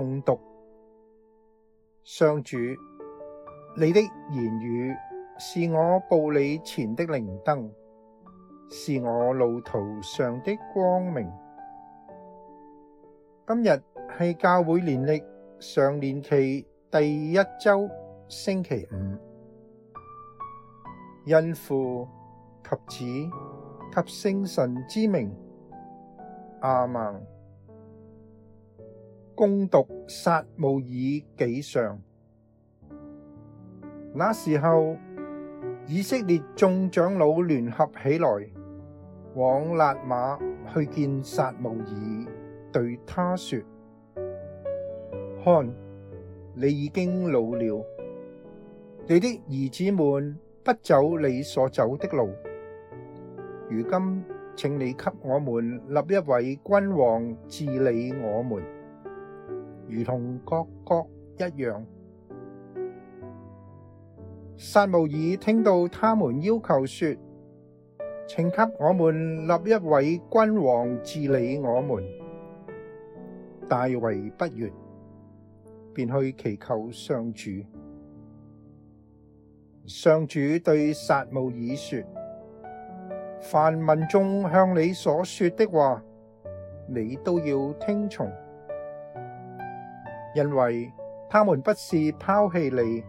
誦讀上主，你的言語是我步你前的靈燈，是我路途上的光明。今日係教會年曆常年期第一周星期五，因父及子及聖神之名，阿門。恭讀撒慕爾紀上，那時候，以色列眾長老聯合起來，往辣瑪去見撒慕爾，對他說：看，你已經老了，你的兒子們不走你所走的路，如今請你給我們立一位君王治理我們。如同各國一樣，撒慕爾聽到他們要求說：“請給我們立一位君王治理我們。”大為不悅，便去祈求上主。上主對撒慕爾說：“凡民眾向你所說的話，你都要聽從。”因為他們不是拋棄你，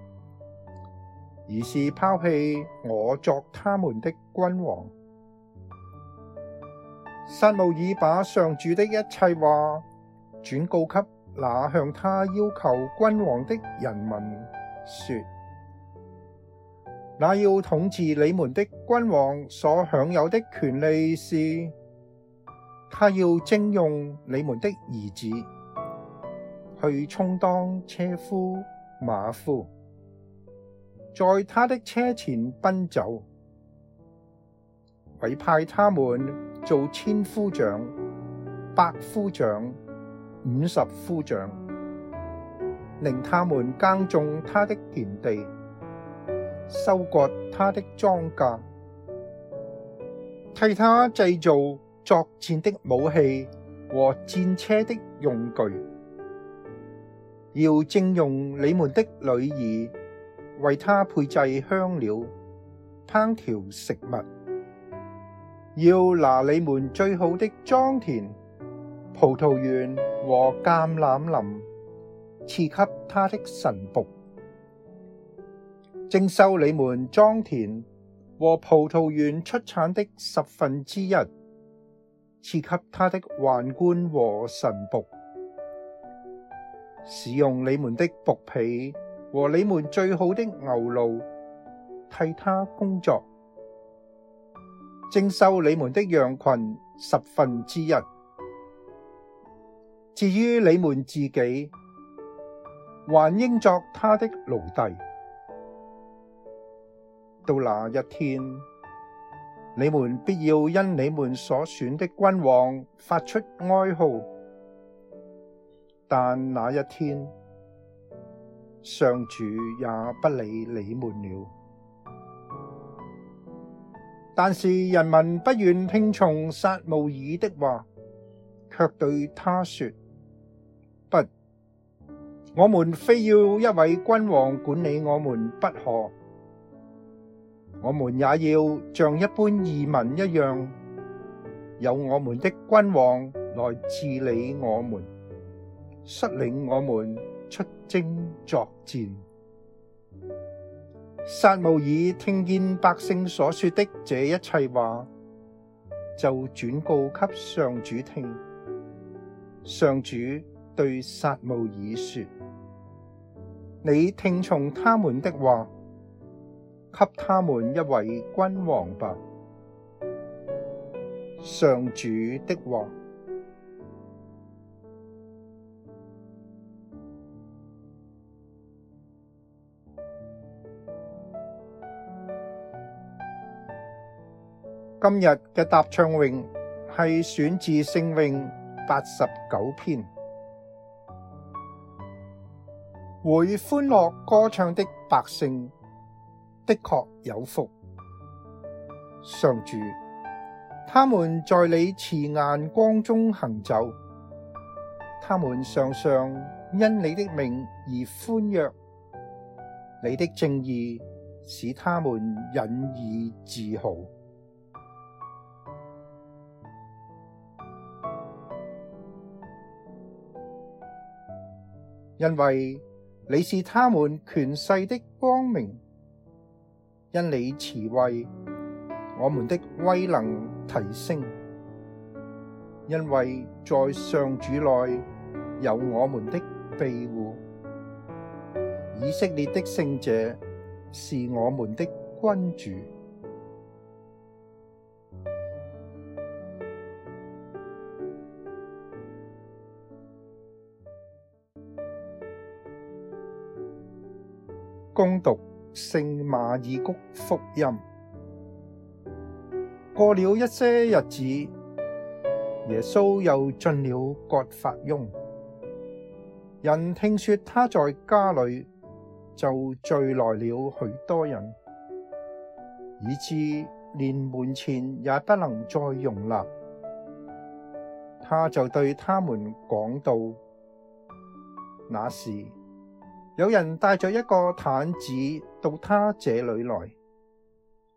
而是拋棄我作他們的君王。撒慕爾把上主的一切話轉告給那向他要求君王的人民說：那要統治你們的君王所享有的權利是，他要徵用你們的兒子。去充當車夫、馬夫，在他的車前奔走，委派他們做千夫長、百夫長、五十夫長，令他們耕種他的田地，收割他的莊稼，替他製造作戰的武器和戰車的用具。要徵用你們的女兒為他配製香料，烹調食物，要拿你們最好的莊田、葡萄園和橄欖林，賜給他的臣僕，徵收你們莊田和葡萄園出產的十分之一，賜給他的宦官和臣僕。使用你們的僕婢和你們最好的牛驢替他工作，徵收你們的羊群十分之一。至於你們自己，還應作他的奴隸。到那一天，你們必要因你們所選的君王發出哀號。但那一天，上主也不理你們了。但是人民不願聽從撒慕爾的話，却對他說：不，我們非要一位君王管理我們不可。我們也要像一般異民一樣，有我們的君王來治理我們。率領我們出征作戰。撒慕爾聽見百姓所說的這一切話，就轉告給上主聽。上主對撒慕爾說：你聽從他們的話，給他們一位君王吧！上主的話。今日嘅答唱詠，係選自聖詠八十九篇，會歡樂歌唱的百姓，的確有福。上主，他們在你慈顏光中行走，他們常常因你的名而歡躍，你的正義使他們引以自豪。因為你是他們權勢的光明，因你慈惠，我們的威能提升。因為在上主內有我們的庇護，以色列的聖者是我們的君主。恭讀聖馬爾谷福音，過了一些日子，耶穌又進了葛法翁。人聽說他在家裏，就聚來了許多人，以致連門前也不能再容納。他就對他們講道。那時，有人帶着一個癱子到他這裏來，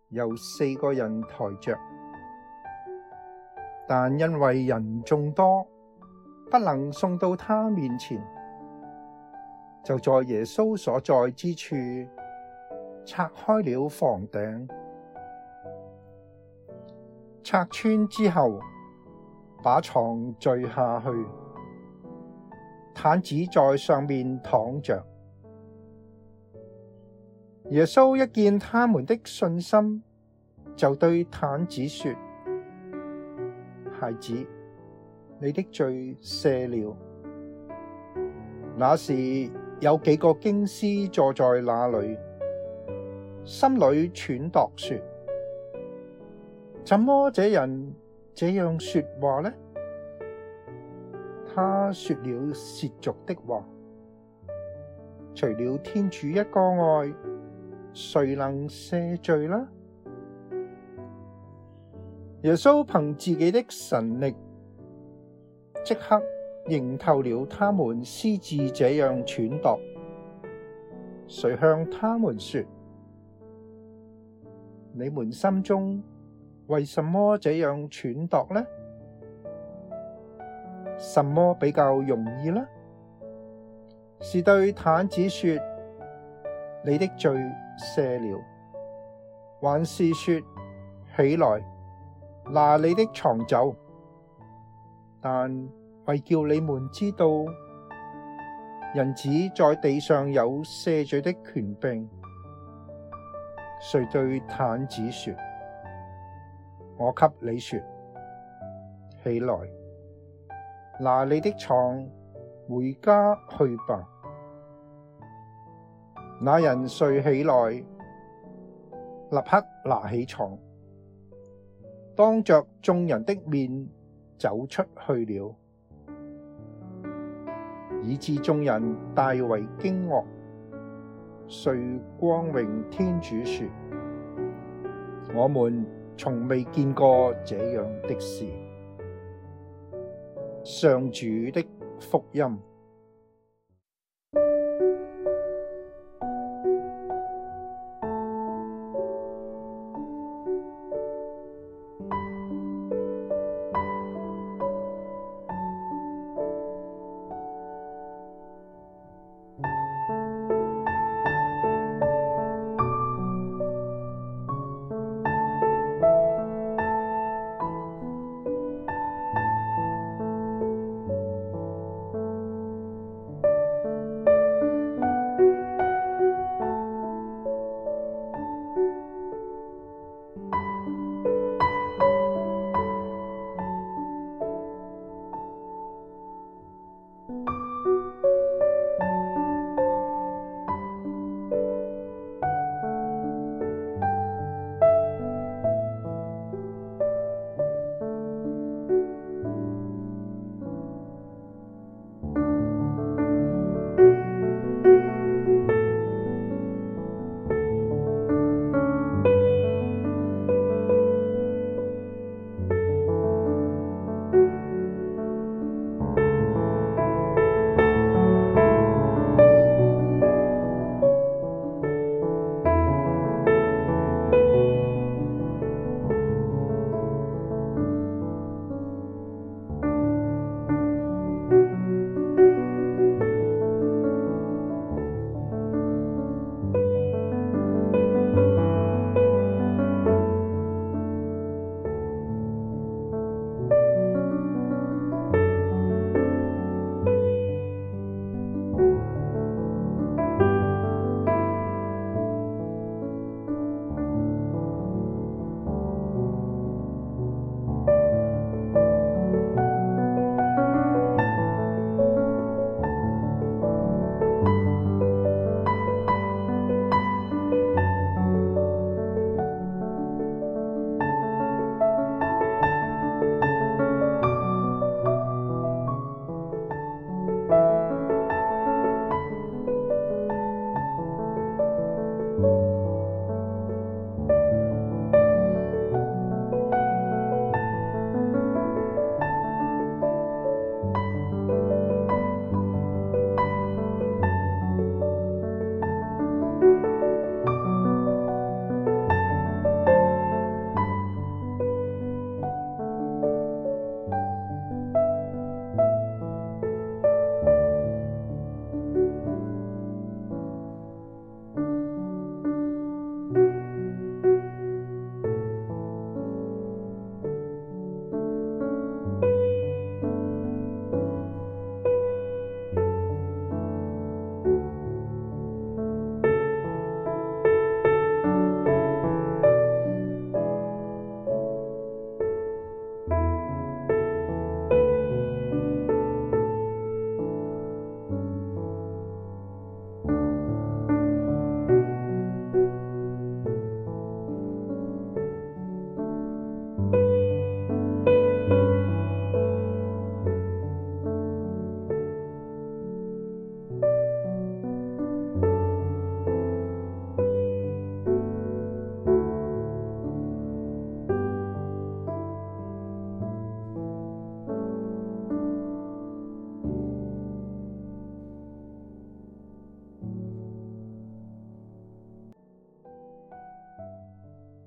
由四個人抬着，但因為人眾多，不能送到他面前，就在耶穌所在之處，拆開了房頂，拆穿之後，把床縋下去，癱子在上面躺着。耶穌一見他們的信心，就對癱子說：孩子，你的罪赦了。那時有幾個經師坐在那裏，心裏忖度說：怎麼這人這樣說話呢？他說了褻瀆的話，除了天主一個外。誰能赦罪呢？耶穌憑自己的神力，即刻認透了他們私自這樣忖度。遂向他們說：你們心中為什麼這樣忖度呢？什麼比較容易呢？是對癱子說。你的罪赦了，還是說，起來拿你的床走？但為叫你們知道，人子在地上有赦罪的權柄。遂對癱子說：我給你說，起來拿你的床，回家去吧！那人遂起來，立刻拿起床，當着眾人的面走出去了，以致眾人大為驚愕。遂光榮天主說：我們從未見過這樣的事。上主的福音。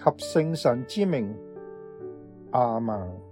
及聖神之名，阿們。